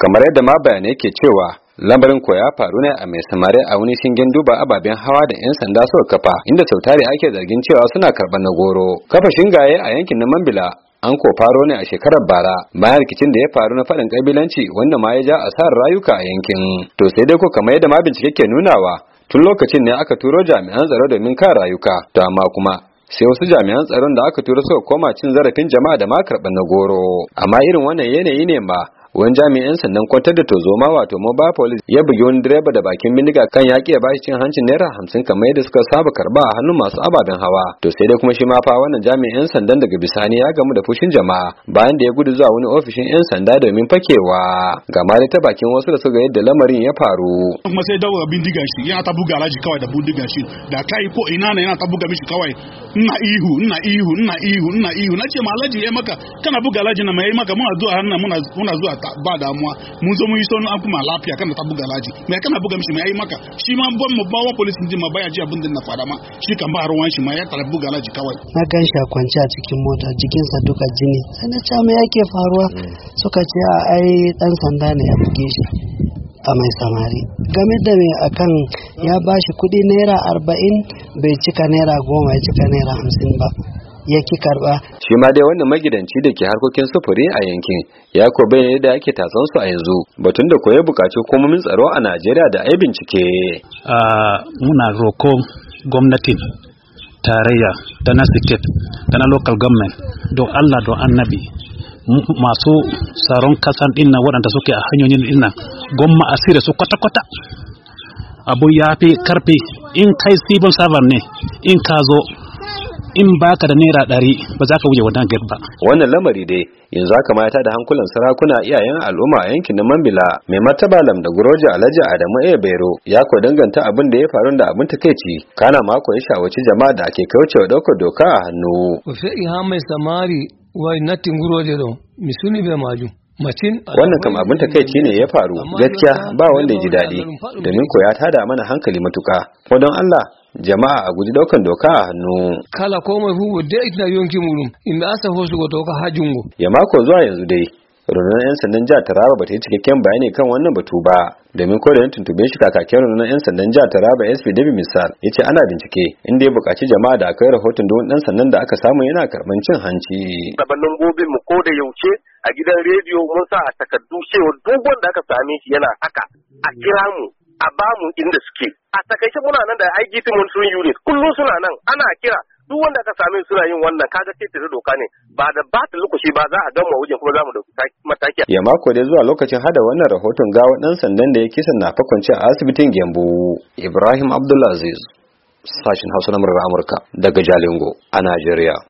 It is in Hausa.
kamar yadda ma bayanai ke cewa lamarin ko ya faru ne a mai samari a wani shingen duba ababen hawa da 'yan sanda suka kafa inda sautari ake zargin cewa suna karɓar na goro kafa shingaye a yankin na mambila an ko faro ne a shekarar bara bayan rikicin da ya faru na faɗin kabilanci wanda ma ya ja asarar rayuka a yankin to sai dai ko kamar yadda ma bincike ke nunawa tun lokacin ne aka turo jami'an tsaro domin ka rayuka to amma kuma sai wasu jami'an tsaron da aka turo suka koma cin zarafin jama'a da ma karɓar na goro amma irin wannan yanayi ne ma wani jami'in sannan kwantar da tozoma wato mobile police ya bugi wani direba da bakin bindiga kan yaƙi ya bashi cin hancin naira hamsin kamar yadda suka saba karba a hannun masu ababen hawa to sai dai kuma shi ma fa wannan jami'in sandan daga bisani ya gamu da fushin jama'a bayan da ya gudu zuwa wani ofishin 'yan sanda domin fakewa ga mali ta bakin wasu da suka yadda lamarin ya faru. kuma sai dawo bindiga shi yana ta buga alaji kawai da bindiga shi da kai ko ina na yana ta buga mishi kawai ina ihu ina ihu ina ihu ina ihu na ce ma alaji ya maka kana buga alaji na mai maka muna zuwa hannun muna zuwa ba damuwa mun zo mun yi sonu an kuma lafiya kana ta buga laji mai kana buga mishi mai yayi maka shi ma ban mu bawa police din ma baya ji abin din na fara ma shi kan ba ruwan shi ma ya tare buga laji kawai na gan shi a kwance a cikin mota jikinsa duka jini sai na ce ah, me yake faruwa mm. suka ce a ah, ai dan sanda ne ya buge shi a mai samari game da mai akan ya bashi kuɗi naira arba'in bai cika naira goma ya cika naira hamsin ba ya ki karba shi ma dai wannan magidanci da ke harkokin sufuri a yankin ya ko bayyana yadda ake tasan su a yanzu batun da koyi bukaci hukumomin tsaro a Najeriya da ai bincike muna roko gwamnatin tarayya da na state da na local government don Allah don annabi masu tsaron kasan din nan waɗanda suke a hanyoyin din nan gwamma asira su kwata-kwata abu ya fi karfi in kai civil servant ne in ka zo in baka da naira ɗari ba za ka wuce wannan gate ba wannan lamari dai yanzu haka ma ya da hankulan sarakuna iyayen al'umma a yankin na mambila mai lam da guroji alhaji adamu a bero ya ko danganta abin da ya faru da abin takaici kana mako ya shawarci jama'a da ake kaucewa ɗaukar doka a hannu. Ofe ha mai samari wai natin guroje don misuni bai maju. wannan kam abin ta takaici ne ya faru gaskiya ba wanda ya ji daɗi domin ko ya tada mana hankali matuka. ko don Allah jama'a a guji daukan doka a hannu kala ko mai hugo da na yonki muru in asa hosu ga doka go. ya mako zuwa yanzu dai rundunar 'yan sandan jihar taraba ba ta yi cikakken bayani kan wannan batu ba domin ko da yin tuntube shi kakakken rundunar 'yan sandan jihar taraba sp dabi misal ya ce ana bincike inda ya buƙaci jama'a da aka yi rahoton don ɗan sandan da aka samu yana karɓar cin hanci. sabanin gobin mu ko da yaushe, a gidan rediyo mun sa a takardu cewa duk wanda aka same shi yana haka a kira mu a bamu inda suke a takaice muna nan da IGT monitoring unit kullum suna nan ana kira duk wanda aka same suna yin wannan kaga ta doka ne ba da ba ta lokaci ba za a gama wajen kuma za mu dauki mataki ya mako dai zuwa lokacin hada wannan rahoton gawa dan sandan da ya kisa na fakwance a asibitin Gembo Ibrahim Abdulaziz sashin Hausa na Amurka daga Jalingo a Najeriya